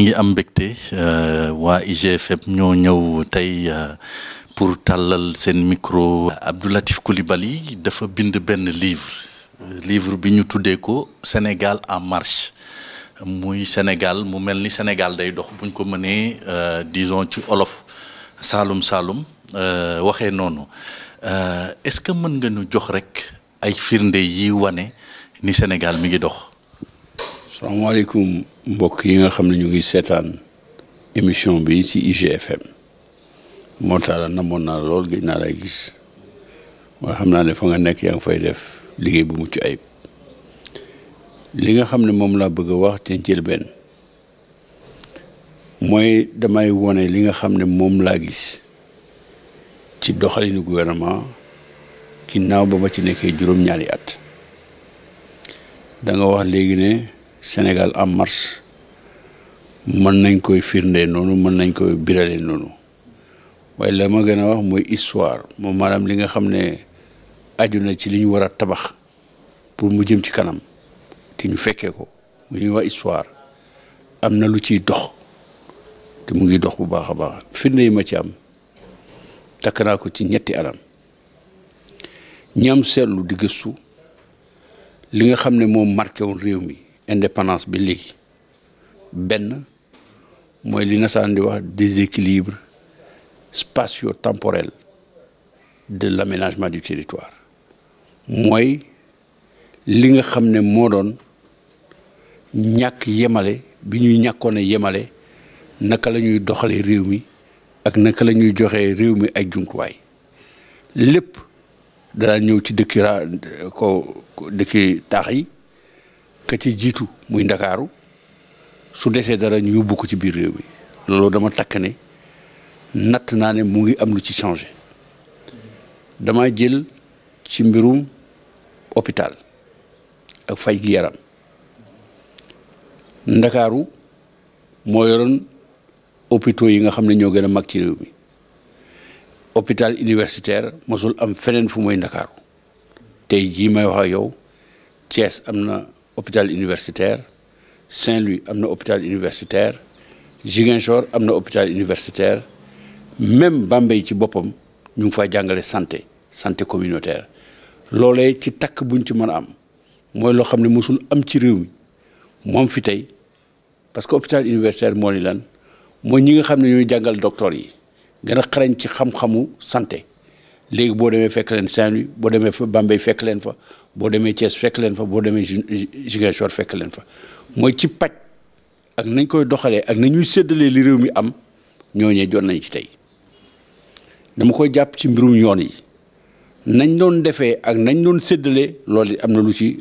ñi ngi am mbégte euh, waa IGFM ñoo ñëw euh, pour talal sen micro. Latif Koulibaly dafa bind ben livre livre bi ñu tuddé ko Sénégal en marche muy Sénégal mu melni Sénégal day dox buñ ko euh disons ci olof euh waxé nonu euh est-ce que mën nga ñu jox rek ay firnde yi wane ni Sénégal mi ngi dox. salaamaaleykum. mbokk yi nga xam ne ñu ngi seetaan émission bi ci IGFM moo tax la namoon naa lool gëj naa lay gis waaye xam naa ne fa nga nekk yaa ngi fay def liggéey bu mucc ayib li nga xam ne moom laa bëgg a wax ci njëlbeen mooy damay wone li nga xam ne moom laa gis ci doxalinu gouvernement ginnaaw ba ma ci nekkee juróom-ñaari at da wax léegi ne. Sénégal en marche mën nañ koy firndee noonu mën nañ koy birale noonu waaye la ma gën a wax mooy histoire moom maanaam li nga xam ne aju na ci li ñu war a tabax pour mu jëm ci kanam te ñu fekkee ko mu ñuy wax histoire am na lu ciy dox te mu ngi dox bu baax a baax firnde ma ci am takk naa ko ci ñetti alam ñam seetlu di gëstu li nga xam ne moom marqué woon réew mi indépendance bi léegi benn mooy li nasaraan di wax déséquilibre spatio-temporel de l'aménagement du territoire mooy li nga xam ne moo doon ñàkk yemale bi ñuy yemale naka la ñuy doxalee réew mi ak naka la ñuy joxee réew mi ay jumtuwaay lépp dana ñëw ci dëkki ko dëkki taax ka ci jiitu muy ndakaaru su desee dara ñu yóbbu ko ci biir réew mi loolu dama takk ne natt naa ne mu ngi am lu ci changé dama jël ci mbirum hôpital ak faj gi yaram ndakaaru moo yoroon hôpitaux yi nga xam ne ñoo gën a mag ci réew mi hôpital universitaire mosul am feneen fu mooy ndakaaru tey jii may wax yow Thiès am na hôpital universitaire Saint-Louis amna hôpital universitaire Ziguinchor amna hôpital universitaire même Bambey ci nous ñu ngi fay jàngale santé santé communautaire Lolé ci tak buñ ci mëna am moy lo xamné ne am ci réew mi moom fi tay parce que hôpital universitaire moo ni lan mooy ñi nga xamné ne jàngal docteur yi gëna xarañ ci xam-xamu santé léegi boo demee fekk leen Saint-Louis boo demee fa Bambey fekk leen fa boo demee Thiès fekk leen fa boo demee Ziguinchor fekk leen fa mooy ci paj ak nañ koy doxalee ak nañuy séddalee li réew mi am ñooñee jot nañ ci tey dama koy jàpp ci mbirum yoon yi nañ doon defee ak nañ doon séddalee loolu am na lu ci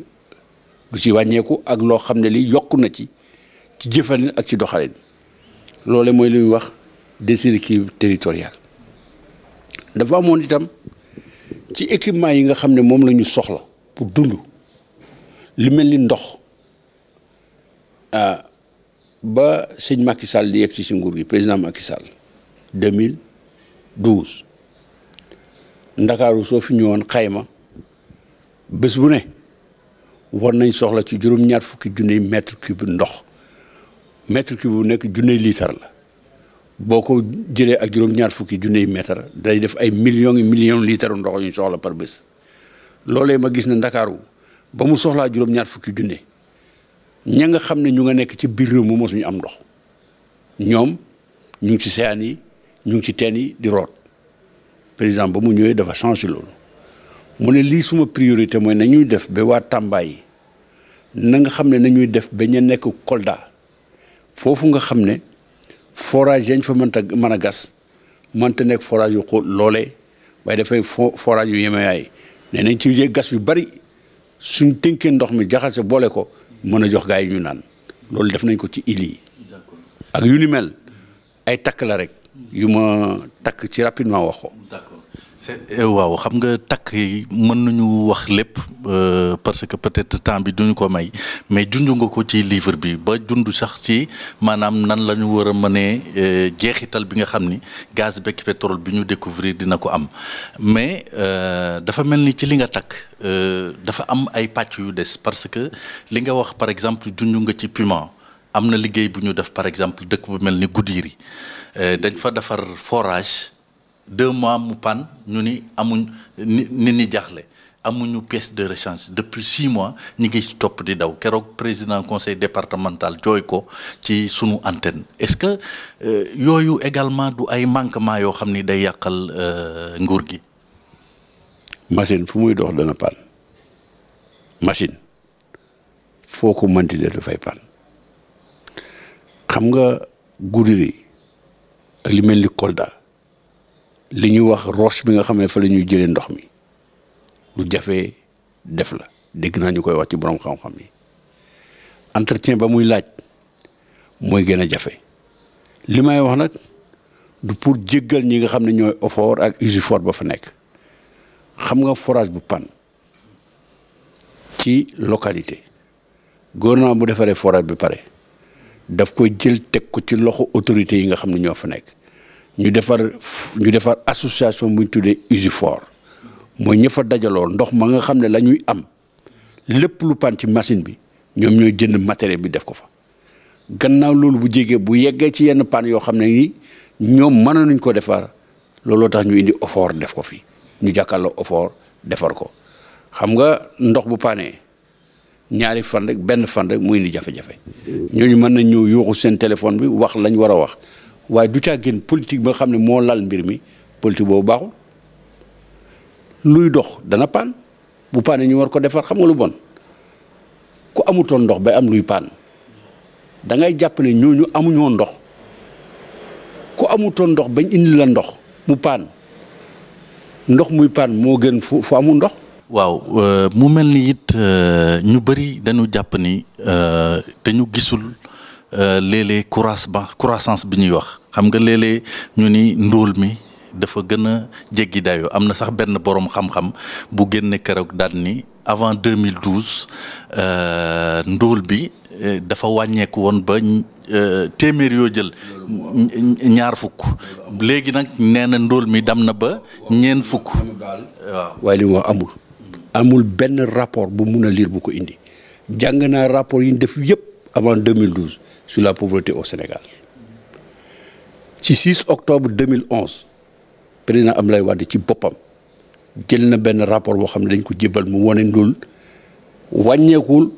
lu ci wàññeeku ak loo xam ne li yokku na ci ci jëfalin ak ci doxalin loole mooy lu ñuy wax déséquilibre territorial dafa amoon itam ci équipement yi nga xam ne moom la ñu soxla pour dund li mel ni ndox ah ba sëñ Macky Sall di yegsi si nguur gi président Macky Sall 2012 ndakaaru soo fi ñëwoon xayma bés bu ne war nañ soxla ci juróom-ñaar fukki junniy mètre cube ndox mètre cube bu nekk junniy liitar la boko ko jëlee ak juróom-ñaar fukki junne mètre day def ay millions yi millions litre ndox ñu soxla par bés loolee ma gis ne ndakaaru ba mu soxlaa juróom-ñaar fukki junne ña nga xam ñu nga nekk ci biir réew mu mosuñu am ndox ñoom ñu ci ñu ci di root président ba mu ñëwee dafa changé loolu mu ne lii suma priorité mooy na def be wa Tamba na nga def ba ña nekk Kolda foofu nga forage yañ fa mënta mën a gas mënta nekk forage yu xóot loolee waaye dafay forage yu yemeyaay nee nañ ci gas yu bari suñ tënkee ndox mi jaxase boole ko mën a jox gaa yi ñu naan loolu def nañ ko ci île yi ak yu ni mel ay takk la rek yu ma takk ci rapidement wax ko Eh, waaw xam nga takk mën nañu wax lépp euh, parce que peut-être temps bi duñu ko may mais junj nga ko ci livre bi ba junj sax ci maanaam nan la ñu war a mënee euh, jeexital bi nga xam ni gaz beeg pétrole bi ñu découvrir dina ko am mais euh, dafa mel ni ci li nga takk dafa am ay pàcc yu des parce que li nga wax par exemple junj nga ci piment am na liggéey bu ñu def par exemple dëkk bu mel ni Goudiri dañ fa defar forage. deux mois mu pan ñu ni amuñ nit ñi jaxle amuñu pièce de rechange depuis six mois ñi ngi topp di daw keroog président conseil départemental jooy ko ci sunu antenne est ce que egal euh, également du ay manquement dayakal xam ni day yàqal euh, nguur gi machine fu muy dox dana pan machine foo de dafay pan xam nga guddi li li ñuy wax roche bi nga xam ne fa la ñuy jëlee ndox mi lu jafe def la dégg naa ñu koy wax ci borom xam-xam yi entretien ba muy laaj mooy gën a jafe li may wax nag du pour jéggal ñi nga xam ne ñooy OFOR ak UGFOR ba fa nekk xam nga forage bu pan ci localité gouvernement bu defaree forage bi pare daf koy jël teg ko ci loxo autorités yi nga xam ne ñoo fa nekk ñu defar ñu defar association bu ñu tuddee Usifort mooy ñë fa dajaloo ndox ma nga xam ne lañuy am lépp lu pan ci machine bi ñoom ñooy jënd matériel bi def ko fa gannaaw loolu bu jégee bu yeggee ci yenn pan yoo xam ne ni ñoom mënoon nañ koo defar looloo tax ñu indi effort def ko fi ñu jàkkaarloo effort defar ko xam nga ndox bu paanee ñaari fan rek benn fan rek mu indi jafe-jafe ñooñu mën nañ ñëw yuuxu seen téléphone bi wax lañu war a wax waaye du caa génn politique ba nga xam ne moo lal mbir mi politique boobu baaxul luy dox dana paan bu paane ñu war ko defar xam nga lu bon ku amutoon ndox bay am luy paan da ngay jàpp ne amu amuñoo ndox ku amutoon ndox bañ indi la ndox mu pan ndox muy paan moo gën fu fu ndox. waaw mu mel it ñu bëri dañu jàpp ni dañu gisul léeg-léeg croissance ba croissance bi ñuy wax xam nga léeg-léeg ñu ni ndóol mi dafa gën a jéggi am na sax benn borom xam-xam bu génne keroog daal ni avant 2012 euh, ndóol bi euh, dafa wàññeeku woon ba euh, téeméer yoo jël ñaar fukk léegi nag nee na ndóol mi dam na ba ñeen fukk waaw waaye li mu wax amul amul benn rapport bu mun a lire bu ko indi jàng naa rapport yi ñu def yëpp avant 2012 sur la pauvreté au Sénégal ci 6 octobre na am lay Wade ci boppam jël na benn rapport boo xam ne dañ ko jébbal mu wane ndul wàññeekul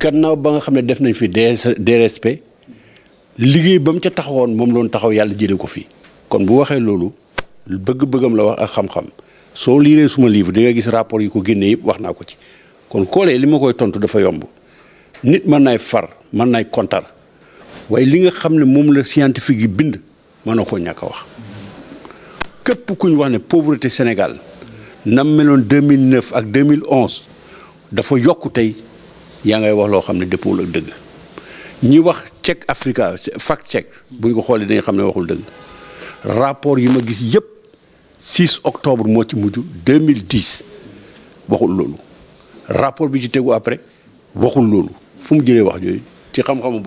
gannaaw ba nga xam ne def nañ fi DRSP liggéey ba mu ca taxawoon moom loon taxaw yàlla jëlee ko fii kon bu waxee loolu bëgg-bëggam la wax ak xam-xam soo liiree suma livre di nga gis rapport yi ko génnee yëpp wax naa ko ci kon koolee li ma koy tontu dafa yomb nit mën naay far mën naay kontar waaye li nga xam ne moom la scientifique yi bind. Que ñaka wax kep ku pauvreté Sénégal nam 2009 ak 2011 dafa yokku tey ya ngay wax loo xam ne ñi wax check Africa fact check bu ko xoolee dañu waxul rapport ma 6 octobre moo ci mujj 2010 waxul loolu rapport bi ci après waxul loolu fu mu jëlee wax ci xam-xamu